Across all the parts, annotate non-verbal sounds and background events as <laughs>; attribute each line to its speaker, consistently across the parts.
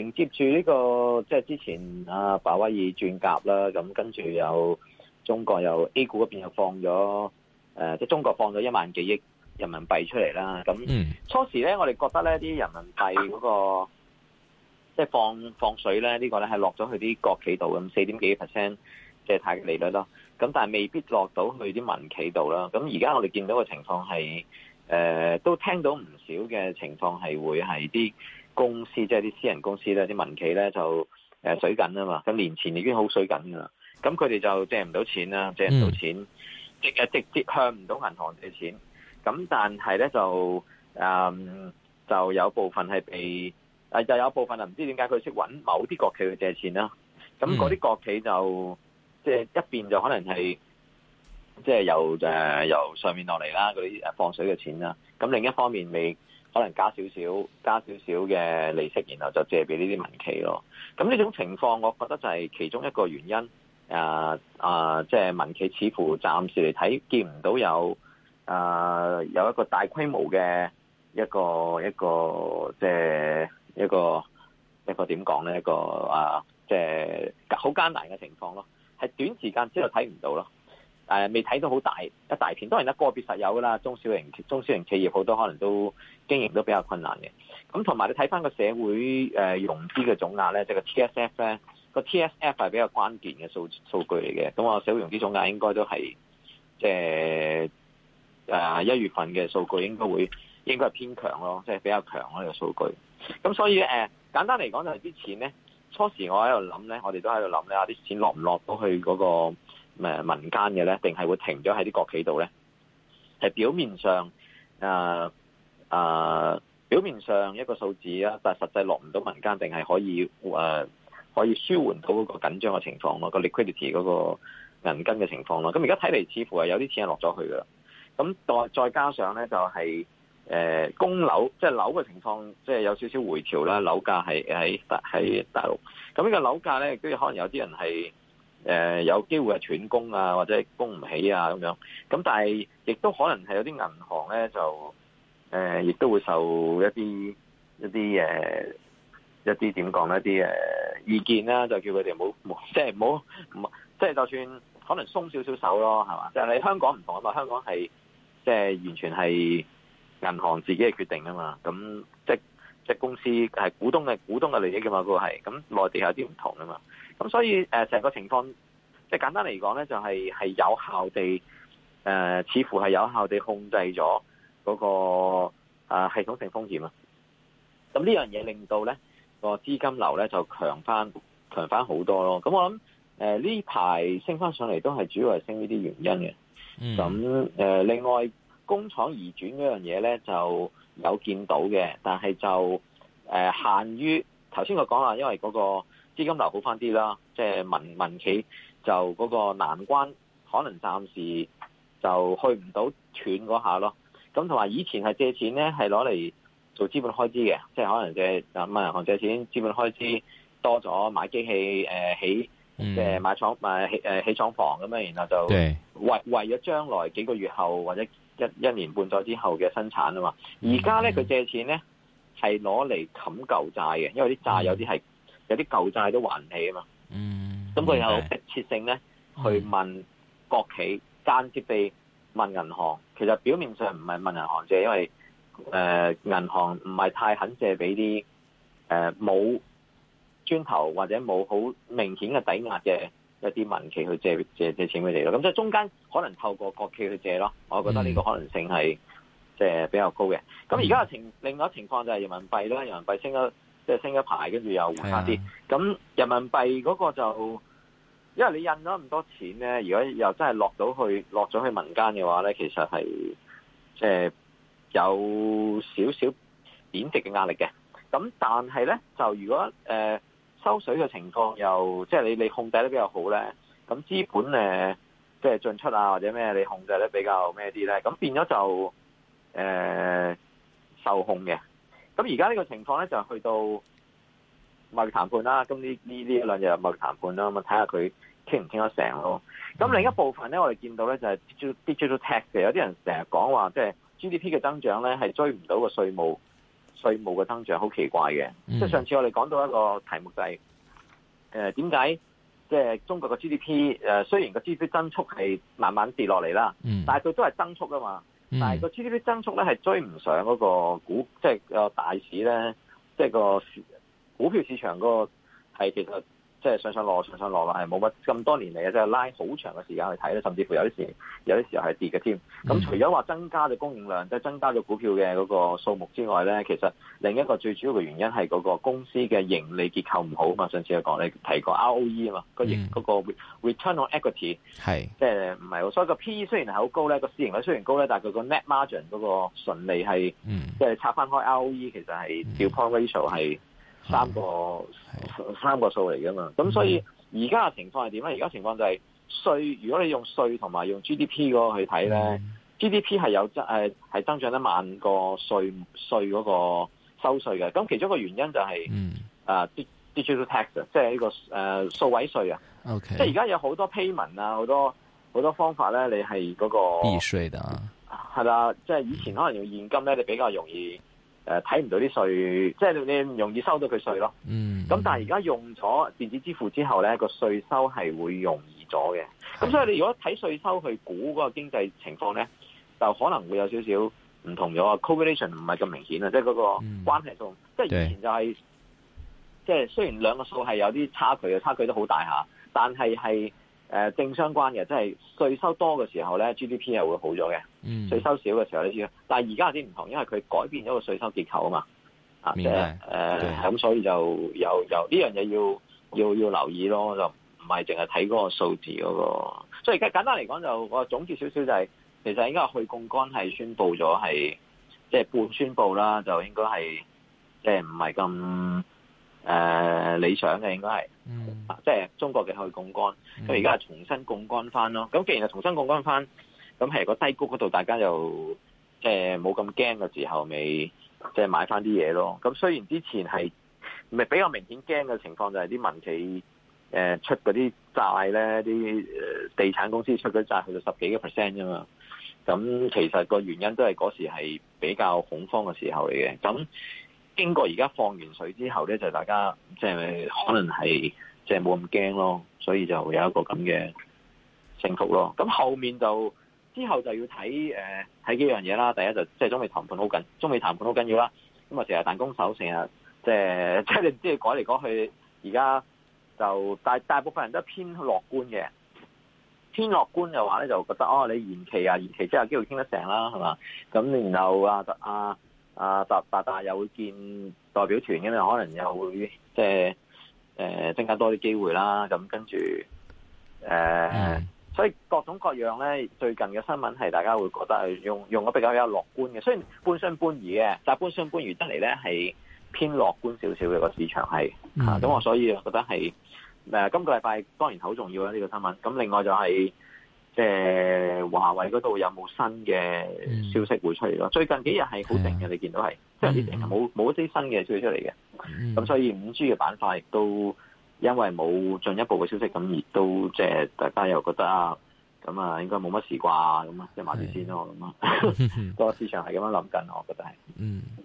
Speaker 1: 承接住呢、呢個即係之前啊，鮑威爾轉甲啦，咁跟住有中國又 A 股嗰邊又放咗誒、呃，即係中國放咗一萬幾億人民幣出嚟啦。咁、嗯、初時咧，我哋覺得咧啲人民幣嗰、嗰個即係放放水咧，呢個、呢個咧係落咗去啲國企度，咁四點幾 percent 借貸利率咯。咁但係未必落到去啲民企度啦。咁而家我哋見到嘅情況係誒、呃、都聽到唔少嘅情況係會係啲。公司即係啲私人公司咧，啲民企咧就誒水緊啊嘛，咁年前已經好水緊噶啦，咁佢哋就借唔到錢啦，借唔到錢，直誒直接向唔到銀行借錢，咁但係咧就誒就有部分係被誒，就有一部分係啊唔知點解佢識揾某啲國企去借錢啦，咁嗰啲國企就即係一邊就可能係即係由誒、呃、由上面落嚟啦嗰啲放水嘅錢啦，咁另一方面未。可能加少少、加少少嘅利息，然後就借俾呢啲民企咯。咁呢種情況，我覺得就係其中一個原因。啊啊，即係民企似乎暫時嚟睇見唔到有啊有一個大規模嘅一個一個即係一個一個點講咧一個，一個，呢一個啊即係好艱難嘅情況咯，係短時間之後睇唔到咯。誒未睇到好大一大片，當然啦個別實有噶啦，中小型中小型企業好多可能都經營都比較困難嘅。咁同埋你睇返個社會、呃、融資嘅總額呢，即係個 T S F 呢，個 T S F 係比較關鍵嘅數數據嚟嘅。咁我社會融資總額應該都係即係誒一月份嘅數據應該會應該係偏強囉，即係比較強咯呢個數據。咁所以誒、呃、簡單嚟講就係啲錢呢。初時我喺度諗呢，我哋都喺度諗咧，啲錢落唔落到去嗰個？誒民間嘅咧，定係會停咗喺啲國企度咧？係表面上，誒、呃、誒、呃，表面上一個數字啊，但實際落唔到民間，定係可以誒、呃、可以舒緩到嗰個緊張嘅情況咯，個 liquidity 嗰個銀根嘅情況咯。咁而家睇嚟，似乎係有啲錢係落咗去㗎啦。咁再再加上咧，就係、是、誒、呃、供樓，即、就、係、是、樓嘅情況，即、就、係、是、有少少回調啦，樓價係喺喺大陸。咁呢個樓價咧，亦都可能有啲人係。誒、呃、有機會係斷供啊，或者供唔起啊咁樣。咁但係亦都可能係有啲銀行咧，就誒亦、呃、都會受一啲一啲誒一啲點講呢？一啲誒、呃呃、意見啦、啊，就叫佢哋唔好，即係唔好，即係就算可能鬆少少手咯，係、嗯、嘛？就係、是、香港唔同啊嘛，香港係即係完全係銀行自己嘅決定啊嘛。咁即即公司係股東嘅股東嘅利益嘅嘛，個係咁內地有啲唔同啊嘛。咁所以誒成個情況，即係簡單嚟講咧，就係係有效地誒、呃，似乎係有效地控制咗嗰、那個、呃、系統性風險啊。咁呢樣嘢令到咧個資金流咧就強翻強翻好多咯。咁我諗誒呢排升翻上嚟都係主要係升呢啲原因嘅。咁、嗯、誒、呃、另外工廠移轉嗰樣嘢咧就有見到嘅，但係就誒、呃、限於頭先我講話，因為嗰、那個。資金流好翻啲啦，即係民民企就嗰個難關，可能暫時就去唔到斷嗰下咯。咁同埋以前係借錢咧，係攞嚟做資本開支嘅，即係可能借問銀行借錢資本開支多咗，買機器、誒起即係買廠、買誒起廠房咁樣。然後就為為咗將來幾個月後或者一一年半載之後嘅生產啊嘛。而家咧佢借錢咧係攞嚟冚舊債嘅，因為啲債有啲係。有啲舊債都還唔起啊嘛，咁、嗯、佢有迫切性咧、嗯，去問國企，間接被問銀行。其實表面上唔係問銀行借，因為、呃、銀行唔係太肯借俾啲冇磚頭或者冇好明顯嘅抵押嘅一啲民企去借借借錢俾你咯。咁即係中間可能透過國企去借咯。我覺得呢個可能性係、嗯、即係比較高嘅。咁而家嘅情另外一情況就係人民幣啦，人民幣升咗。即係升一排，跟住又緩返啲。咁人民幣嗰個就，因為你印咗咁多錢咧，如果又真係落到去落咗去民間嘅話咧，其實係即係有少少貶值嘅壓力嘅。咁但係咧，就如果誒、呃、收水嘅情況又即係你你控制得比較好咧，咁資本誒、嗯、即係進出啊或者咩你控制得比較咩啲咧，咁變咗就誒、呃、受控嘅。咁而家呢個情況咧就係去到貿易談判啦，咁呢呢呢一兩日貿易談判啦，咁睇下佢傾唔傾得成咯。咁另一部分咧，我哋見到咧就係 digital tax 嘅，有啲人成日講話，即係 GDP 嘅增長咧係追唔到個稅務稅務嘅增長，好奇怪嘅。即、mm. 係上次我哋講到一個題目就係、是，誒點解即係中國嘅 GDP 誒、呃、雖然個 GDP 增速係慢慢跌落嚟啦，mm. 但佢都係增速啊嘛。但係個 GDP 增速咧係追唔上嗰個股，即係個大市咧，即係個股票市場嗰個係其實。即係上上落上上落落係冇乜咁多年嚟嘅，即係拉好長嘅時間去睇咧，甚至乎有啲時有啲時候係跌嘅添。咁、嗯、除咗話增加咗供應量，即係增加咗股票嘅嗰個數目之外咧，其實另一個最主要嘅原因係嗰個公司嘅盈利結構唔好啊嘛。上次有講你提過 ROE 啊嘛，嗰、嗯嗰個 return on equity 即係唔係喎？所以個 PE 雖然係好高咧，個市盈率雖然高咧，但係佢個 net margin 嗰個純利係即係拆翻開 ROE 其實係叫 provision 係。嗯三個、嗯、三個數嚟㗎嘛，咁、嗯、所以而家嘅情況係點咧？而家情況就係、是、稅，如果你用稅同埋用 GDP 嗰個去睇咧、嗯、，GDP 係有增誒增長一萬個稅稅嗰個收稅嘅。咁其中嘅原因就係誒啲 digital tax 即係呢、這個誒數、呃、位稅 okay, 現在啊。O K，即係而家有好多 payment 啊，好多好多方法咧，你係嗰、那個避稅的啊，係啦，即、就、係、是、以前可能用現金咧，你比較容易。誒睇唔到啲稅，即係你唔容易收到佢稅咯。嗯。咁、嗯、但係而家用咗電子支付之後咧，個稅收係會容易咗嘅。咁所以你如果睇稅收去估嗰個經濟情況咧，就可能會有少少唔同咗啊。Correlation 唔係咁明顯啊，即係嗰個關係中、嗯，即係以前就係、是，即係雖然兩個數係有啲差距嘅，差距都好大下，但係係誒正相關嘅，即係稅收多嘅時候咧，GDP 又會好咗嘅。稅收少嘅時候你知啦，但係而家有啲唔同，因為佢改變咗個稅收結構啊嘛，啊，誒、呃，咁所以就有有呢樣嘢要要要留意咯，就唔係淨係睇嗰個數字嗰個，所以而家簡單嚟講就我總結少少就係，其實應該係去槓桿係宣佈咗係，即係半宣佈啦，就應該係即係唔係咁誒理想嘅，應該係，啊，即係中國嘅去槓桿，咁而家係重新槓桿翻咯，咁既然係重新槓桿翻。咁係個低谷嗰度，大家又即係冇咁驚嘅時候，咪即係買翻啲嘢咯。咁雖然之前係咪比較明顯驚嘅情況，就係啲民企誒出嗰啲債咧，啲地產公司出咗債去到十幾個 percent 啫嘛。咁其實個原因都係嗰時係比較恐慌嘅時候嚟嘅。咁經過而家放完水之後咧，就大家即係可能係即係冇咁驚咯，所以就有一個咁嘅升幅咯。咁後面就～之後就要睇睇、呃、幾樣嘢啦。第一就即係中美談判好緊，中美談判好緊要啦。咁啊成日彈弓手，成日即係即係你唔知佢改嚟改去。而家就大大部分人都偏樂觀嘅，偏樂觀嘅話咧就覺得哦、啊，你延期啊，延期之後有機會傾得成啦，係嘛？咁然後啊啊啊，大大又會見代表團嘅，可能又會即係、呃、增加多啲機會啦。咁跟住誒。呃 mm -hmm. 所以各種各樣咧，最近嘅新聞係大家會覺得係用用得比較比較樂觀嘅，雖然半信半疑嘅，但係半信半疑得嚟咧係偏樂觀少少嘅個市場係。嚇、mm -hmm. 啊，咁我所以我覺得係誒、呃、今個禮拜當然好重要啦、啊、呢、這個新聞。咁另外就係即係華為嗰度有冇新嘅消息會出嚟咯？Mm -hmm. 最近幾日係好靜嘅，yeah. 你見到係即係冇冇一啲新嘅消息出嚟嘅。咁所以五 G 嘅板塊亦都。因為冇進一步嘅消息，咁而都即係大家又覺得啊，咁啊應該冇乜事啩，咁啊，即係買啲先咯咁啊，個市場係咁樣諗緊我覺得係。 <laughs> 嗯，
Speaker 2: 誒、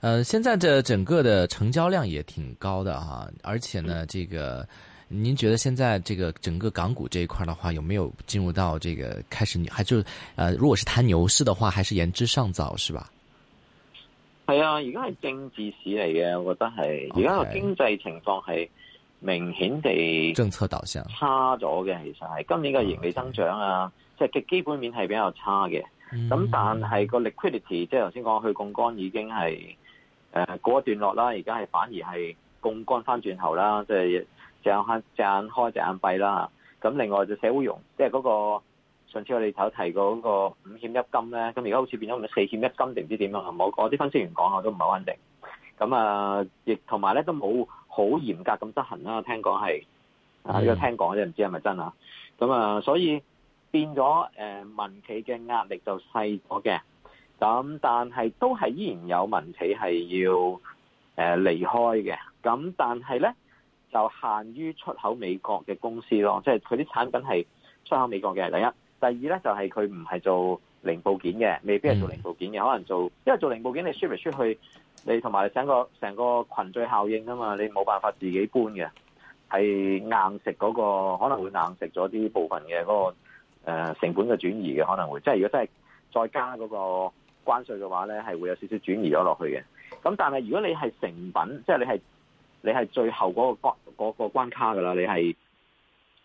Speaker 2: 呃，現在這整個嘅成交量也挺高的哈，而且呢，呢、這個，您覺得現在這個整個港股這一塊的話，有沒有進入到這個開始？還就，呃，如果是談牛市的話，還是言之尚早，是吧？
Speaker 1: 係啊，而家係政治市嚟嘅，我覺得係。而家個經濟情況係。Okay. 明顯地
Speaker 2: 政策導向
Speaker 1: 差咗嘅，其實係今年嘅盈利增長啊，即係嘅基本面係比較差嘅。咁、嗯、但係個 liquidity，即係頭先講去槓桿已經係誒、呃、過一段落啦，而家係反而係槓桿翻轉頭啦，即、就、係、是、隻眼隻眼開隻眼閉啦，咁另外就社會融，即係嗰個上次我哋頭提過嗰個五險一金咧，咁而家好似變咗四險一金定唔知點樣？我我啲分析員講我都唔係好肯定。咁啊，亦同埋咧都冇。好嚴格咁執行啦、啊，聽講係啊，呢個聽講啫，唔知係咪真啊？咁啊，所以變咗誒、呃、民企嘅壓力就細咗嘅。咁但係都係依然有民企係要誒、呃、離開嘅。咁但係咧就限於出口美國嘅公司咯，即係佢啲產品係出口美國嘅。第一，第二咧就係佢唔係做零部件嘅，未必係做零部件嘅，可能做因為做零部件你輸嚟輸去？你同埋成個成個群聚效應啊嘛，你冇辦法自己搬嘅，係硬食嗰個可能會硬食咗啲部分嘅嗰個、呃、成本嘅轉移嘅可能會，即係如果真係再加嗰個關稅嘅話咧，係會有少少轉移咗落去嘅。咁但係如果你係成品，即係你係你係最後嗰個關嗰個關卡噶啦，你係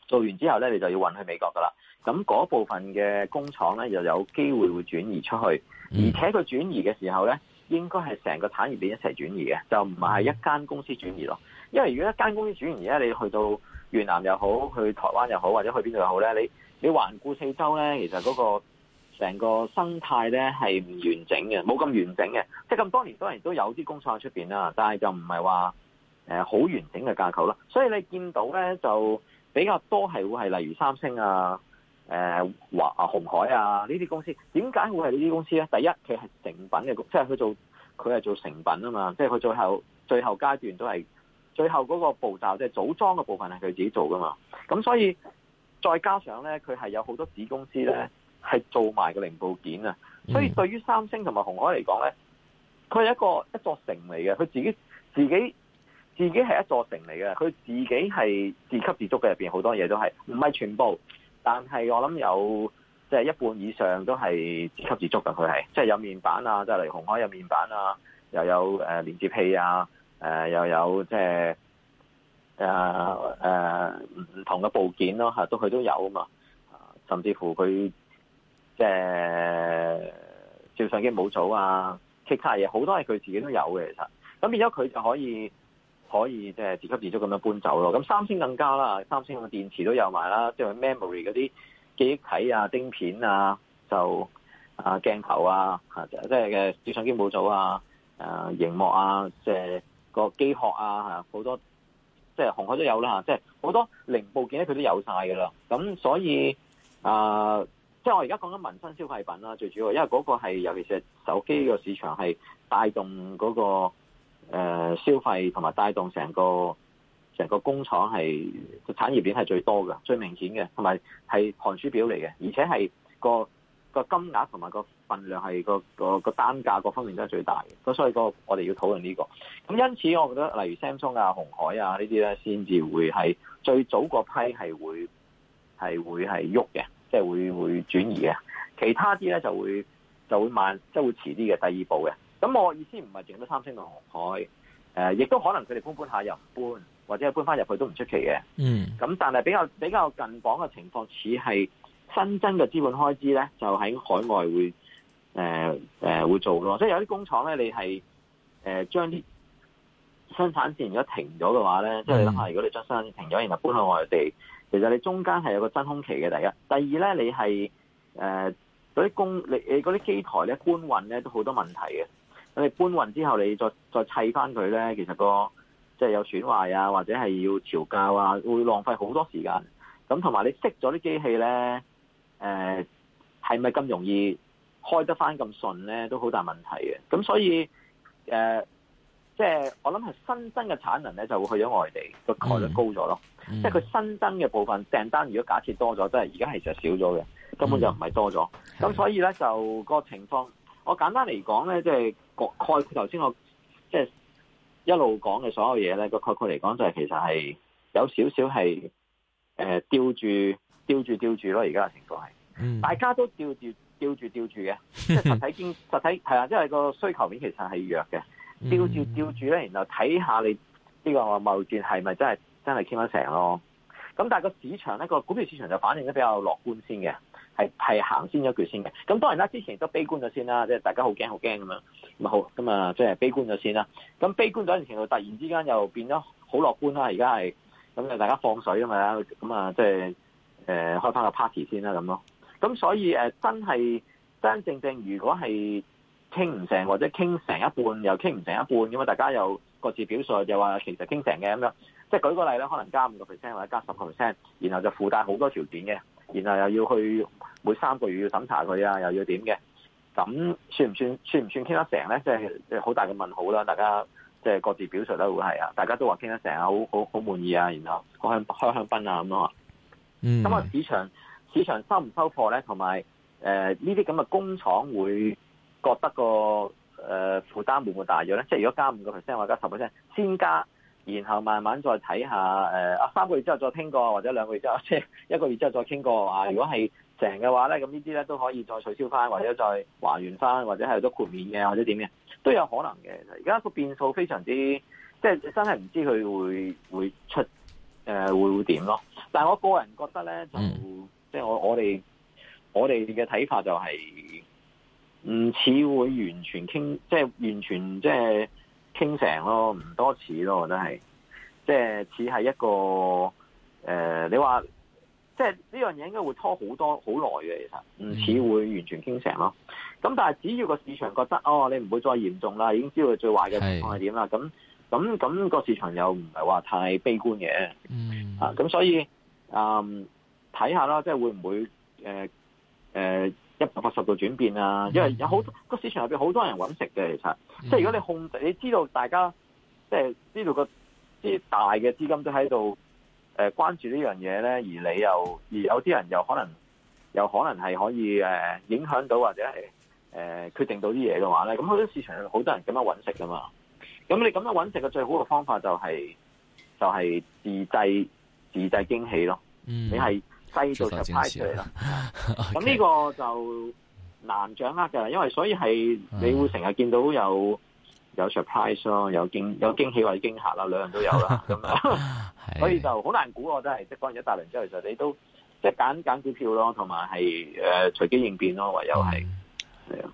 Speaker 1: 做完之後咧，你就要運去美國噶啦。咁嗰部分嘅工廠咧，又有機會會轉移出去，而且佢轉移嘅時候咧。應該係成個產業鏈一齊轉移嘅，就唔係一間公司轉移咯。因為如果一間公司轉移咧，你去到越南又好，去台灣又好，或者去邊度又好咧，你你環顧四周咧，其實嗰個成個生態咧係唔完整嘅，冇咁完整嘅。即係咁多，多年都係都有啲工廠出邊啦，但係就唔係話誒好完整嘅架構啦。所以你見到咧就比較多係會係例如三星啊。誒、呃、華啊，鴻海啊，呢啲公司點解會係呢啲公司咧？第一，佢係成品嘅，即係佢做佢係做成品啊嘛，即係佢最後最後階段都係最後嗰個步驟，即、就、係、是、組裝嘅部分係佢自己做噶嘛。咁所以再加上咧，佢係有好多子公司咧，係做埋個零部件啊。所以對於三星同埋鴻海嚟講咧，佢係一個一座城嚟嘅。佢自己自己自己係一座城嚟嘅。佢自己係自給自足嘅，入面好多嘢都係唔係全部。但係我諗有即係一半以上都係自給自足噶佢係即係有面板啊，即係例如鴻海有面板啊，又有誒、呃、連接器啊，誒、呃、又有即係誒誒唔同嘅部件咯、啊，吓都佢都有啊嘛，甚至乎佢即係照相機模組啊，其他嘢好多係佢自己都有嘅其實，咁變咗佢就可以。可以即係自給自足咁樣搬走咯。咁三星更加啦，三星嘅電池都有埋啦，即係 memory 嗰啲記憶體啊、晶片啊、就啊鏡頭啊，即係嘅攝相機模組啊、誒熒幕啊，即係個機殼啊，好多即係紅海都有啦。即係好多零部件咧，佢都有晒噶啦。咁所以啊，即係我而家講緊民生消費品啦，最主要因為嗰個係尤其是手機個市場係帶動嗰個。誒消費同埋帶動成個成個工廠係個產業鏈係最多嘅，最明顯嘅，同埋係寒暑表嚟嘅，而且係個個金額同埋個份量係個個個單價各方面都係最大嘅，咁所以個我哋要討論呢、這個。咁因此，我覺得例如 Samsung 啊、鴻海啊呢啲咧，先至會係最早個批係會係會係喐嘅，即、就、係、是、會會轉移嘅。其他啲咧就會就會慢，即、就、係、是、會遲啲嘅第二步嘅。咁我意思唔係淨得三星同海，誒、呃，亦都可能佢哋搬搬下又唔搬，或者搬翻入去都唔出奇嘅。嗯。咁但係比較比較近港嘅情況，似係新增嘅資本開支咧，就喺海外會誒、呃呃、會做咯。即係有啲工廠咧，你係誒、呃、將啲生產線如果停咗嘅話咧，即係你諗下，如果你將生產線停咗，然後搬去外地，其實你中間係有個真空期嘅。第一，第二咧，你係誒嗰啲工你你嗰啲機台咧，搬運咧都好多問題嘅。你搬運之後，你再再砌翻佢咧，其實、那個即係、就是、有損壞啊，或者係要調教啊，會浪費好多時間。咁同埋你熄咗啲機器咧，誒係咪咁容易開得翻咁順咧，都好大問題嘅。咁所以誒，即、呃、係、就是、我諗係新增嘅產能咧，就會去咗外地，個概率高咗咯。即係佢新增嘅部分訂單，如果假設多咗，都係而家係實其實少咗嘅，根本就唔係多咗。咁、嗯、所以咧，就個情況，我簡單嚟講咧，即係。才概括頭先我即係一路講嘅所有嘢咧，個概括嚟講就係其實係有少少係誒吊住吊住吊住咯，而家嘅情況係，大家都吊住吊住吊住嘅，吊住吊住嘅 <laughs> 即係實體經實體係啊，即係個需求面其實係弱嘅，吊住吊住咧，然後睇下你呢個貿轉係咪真係真係傾得成咯？咁但係個市場咧、個股票市場就反應得比較樂觀先嘅。係係行先咗句先嘅，咁當然啦，之前都悲觀咗先啦，即係大家好驚好驚咁樣，咁好咁啊，即係悲觀咗先啦，咁悲觀咗一定程度，突然之間又變咗好樂觀啦，而家係咁大家放水啊嘛，咁啊即係誒開翻個 party 先啦咁咯，咁所以誒真係真正正如果係傾唔成或者傾成一半又傾唔成一半咁啊，大家又各自表述，又話其實傾成嘅咁樣，即係舉個例咧，可能加五個 percent 或者加十個 percent，然後就附帶好多條件嘅。然後又要去每三個月要審查佢啊，又要點嘅，咁算唔算算唔算傾得成咧？即係好大嘅問號啦，大家即係各自表述都會係啊，大家都話傾得成啊，好好好滿意啊，然後開香開香檳啊咁咯。嗯。
Speaker 2: 咁啊，
Speaker 1: 市場市場收唔收貨咧？同埋誒呢啲咁嘅工廠會覺得個誒負擔會唔會大咗咧？即係如果加五個 percent 或者加十 percent，先加。然後慢慢再睇下，誒、呃、啊三個月之後再傾過，或者兩個月之後，即係一個月之後再傾過啊！如果係成嘅話咧，咁呢啲咧都可以再取消翻，或者再還原翻，或者係都豁免嘅，或者點嘅都有可能嘅。而家個變數非常之，即係真係唔知佢會會出誒、呃、會會點咯。但係我個人覺得咧，就即係我我哋我哋嘅睇法就係唔似會完全傾，即係完全即係。傾成咯，唔多似咯，我覺得係，即係似係一個誒，你話即係呢樣嘢應該會拖好多好耐嘅，其實唔似會完全傾成咯。咁但係只要個市場覺得哦，你唔會再嚴重啦，已經知道最壞嘅情況係點啦，咁咁咁個市場又唔係話太悲觀嘅、嗯，啊，咁所以嗯睇、呃、下啦，即係會唔會誒誒。呃呃一百八十度轉變啊！因為有好多個市場入邊好多人揾食嘅，其實即係如果你控制，你知道大家即係知道個大嘅資金都喺度誒關注呢樣嘢咧，而你又而有啲人又可能又可能係可以誒影響到或者誒、呃、決定到啲嘢嘅話咧，咁好多市場好多人咁樣揾食噶嘛。咁你咁樣揾食嘅最好嘅方法就係、是、就係、是、自製自製驚喜咯。嗯、你係。制度就 surprise 啦，咁呢、 <laughs> okay. 個就難掌握嘅啦，因為所以係你會成日見到有有 surprise 咯，有驚有驚喜或者驚吓啦，兩樣都有啦，咁 <laughs> 樣、嗯， <laughs> 所以就好難估，我都係即係講完一大輪之後，其實你都即係揀揀股票咯，同埋係誒隨機應變咯，
Speaker 2: 唯有係係啊。嗯